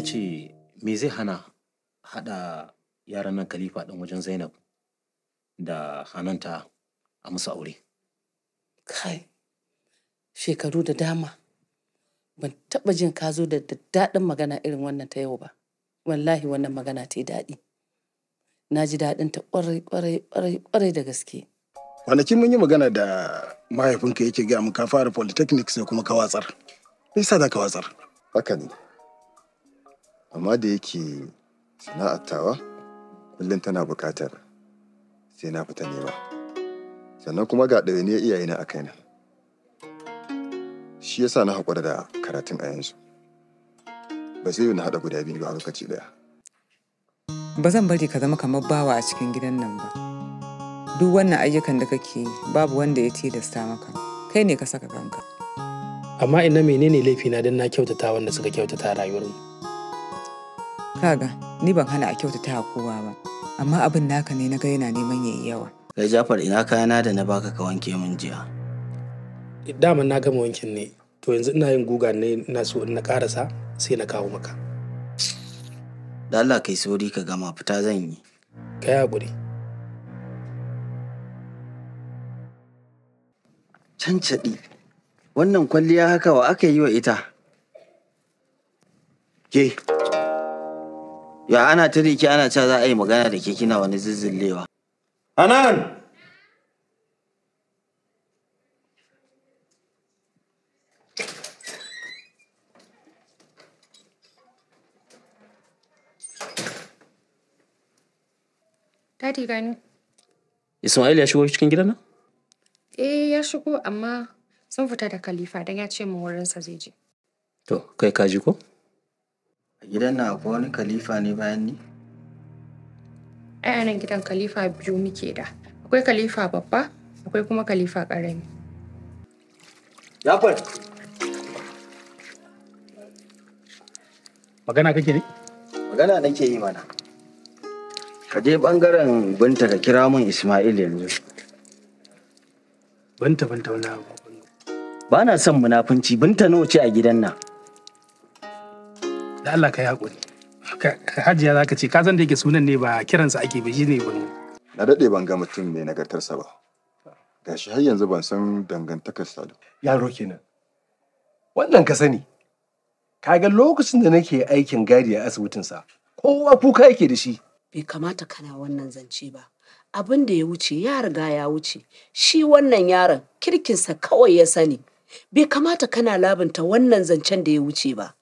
na ce me zai hana haɗa yaran nan khalifa ɗin wajen zainab da hananta a musu aure kai shekaru da dama ban taɓa jin ka zo da daɗin magana irin wannan ta yau ba wallahi wannan magana ta yi daɗi na ji daɗin ta ƙwarai ƙwarai ƙwarai da gaske kwanakin mun yi magana da mahaifinka yake gaya mu ka fara polytechnic sai kuma ka watsar me yasa za ka watsar haka ne amma da yake sana'attawa kullum tana bukatar sai na fita nema sannan kuma ga ɗawainiyar iyayena a kaina shi yasa na haƙura da karatun a yanzu ba zai na haɗa guda biyu ba a lokaci ɗaya ba zan bari ka zama kamar bawa a cikin gidan nan ba duk wannan ayyukan da kake babu wanda ya tilasta maka kai ne ka saka kanka amma ina menene laifina don na kyautata wanda suka kyautata rayuwarmu Kaga, ni ban hana a kyautata kowa ba, amma abin naka ne na ga yana neman yayi yawa. Kai Jafar ina kayana da na baka ka wanke min jiya. Daman na gama wankin ne, to yanzu ina yin guga ne na so in na karasa sai na kawo maka. Da Allah kai sauri ka gama fita zan yi. Kai hakuri. Cancaɗi, wannan kwalliya haka wa aka yi wa ita? Ke. Ya ana ta riki ana cewa za a yi magana da ke kina wani zizzillewa. Anan! Dadi gani. Ismail ya shigo cikin gidan nan? Eh ya shigo amma sun fita da kalifa dan ya ce mu wurinsa zai je. To, kai ka ji ko? A gidan na akwai wani kalifa ne bayan ni? Ai gidan kalifa biyu muke da. Akwai kalifa babba, akwai kuma kalifa ƙarami. Yafar! Magana kake ne? Magana nake yi mana. Ka je ɓangaren binta ka kira min Ismail yanzu. Binta binta wani abu. Ba na son munafunci binta nawa ce a gidan nan. da Allah ka yi haƙuri hajiya za ka ce ka san da yake sunan ne ba kiransa ake ba shi ne ba. na daɗe ban ga mutum mai nagartarsa ba gashi har yanzu ban san dangantakarsa da yaro kenan wannan ka sani kaga lokacin da nake aikin gadi a asibitinsa kowa kuka yake da shi bai kamata kana wannan zance ba abin da ya wuce ya riga ya wuce shi wannan yaron kirkinsa kawai ya sani bai kamata kana labunta wannan zancen da ya wuce ba.